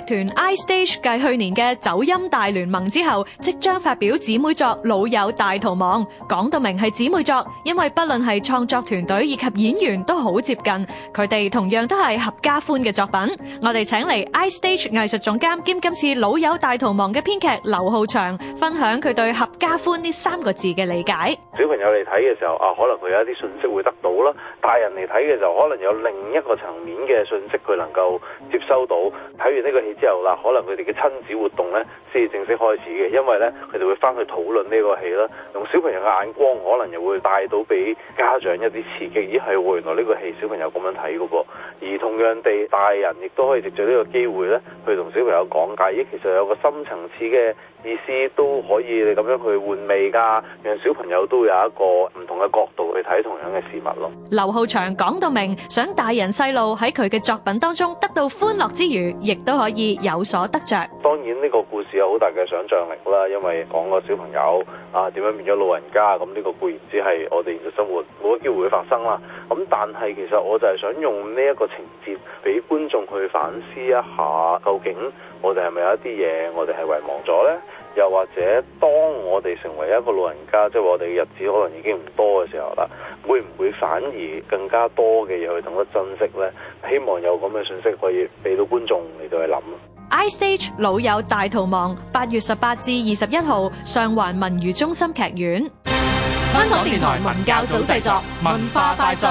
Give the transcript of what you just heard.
劇團 i stage 繼去年嘅《走音大聯盟》之後，即將發表姊妹作《老友大逃亡》。講到明係姊妹作，因為不論係創作團隊以及演員都好接近，佢哋同樣都係合家歡嘅作品。我哋請嚟 i stage 藝術總監兼今次《老友大逃亡》嘅編劇劉浩翔，分享佢對合家歡呢三個字嘅理解。小朋友嚟睇嘅時候，啊，可能佢有一啲信息會得到啦，大人嚟睇嘅時候可能有另一個層面嘅信息佢能夠接收到。睇完呢個。之後啦，可能佢哋嘅親子活動呢，先至正式開始嘅，因為呢，佢哋會翻去討論呢個戲啦。用小朋友嘅眼光，可能又會帶到俾家長一啲刺激。咦，係喎，原來呢個戲小朋友咁樣睇噶噃。而同樣地，大人亦都可以藉住呢個機會呢，去同小朋友講解，咦，其實有個深層次嘅意思都可以，你咁樣去換味噶，讓小朋友都有一個唔同嘅角度去睇同樣嘅事物咯。劉浩祥講到明，想大人細路喺佢嘅作品當中得到歡樂之餘，亦都可以。意有所得着，當然呢個故事有好大嘅想象力啦，因為講個小朋友啊點樣變咗老人家，咁、嗯、呢、這個固然只係我哋現實生活冇機會會發生啦。咁但係其實我就係想用呢一個情節俾觀眾去反思一下，究竟我哋係咪有一啲嘢我哋係遺忘咗呢？又或者當我哋成為一個老人家，即係我哋嘅日子可能已經唔多嘅時候啦，會唔會反而更加多嘅嘢去懂得珍惜呢？希望有咁嘅信息可以俾到觀眾嚟到去諗。I stage 老友大逃亡，八月十八至二十一號，上環文娛中心劇院。香港電台文教組製作《文化快訊》。